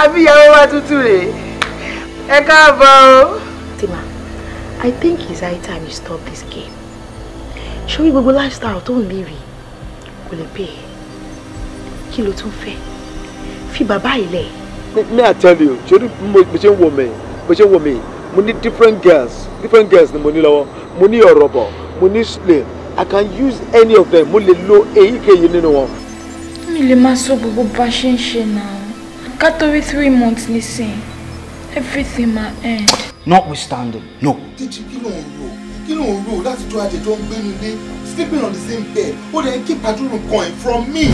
àbíyàwó wa tútù rèé ẹ káàbọ̀ o. I think it's high time you stop this game ṣorí gbogbo lifestyle tó ń léèrè kò lè pè é kí ló tún fi bàbá ilẹ̀. may I tell you ṣorí mo ṣe ń wo mi mo ṣe wo mi mo ní different girls different girls ni mo ní lọ́wọ́ mo ní ọ̀rọ̀bọ̀ mo ní slim I can use any of them mo lè lo èyíkéyìí nínú wọn. mi lè máa sọ gbogbo bá ṣe ń ṣe Catholic three months nísìn. Everything my end. Notwithstanding, no. Títí kí ló ń rò? Kí ló ń rò láti jọ àjẹjọ́ ń gbénu Sleeping on the same bed. Ó lè keep àdúrà kan from me.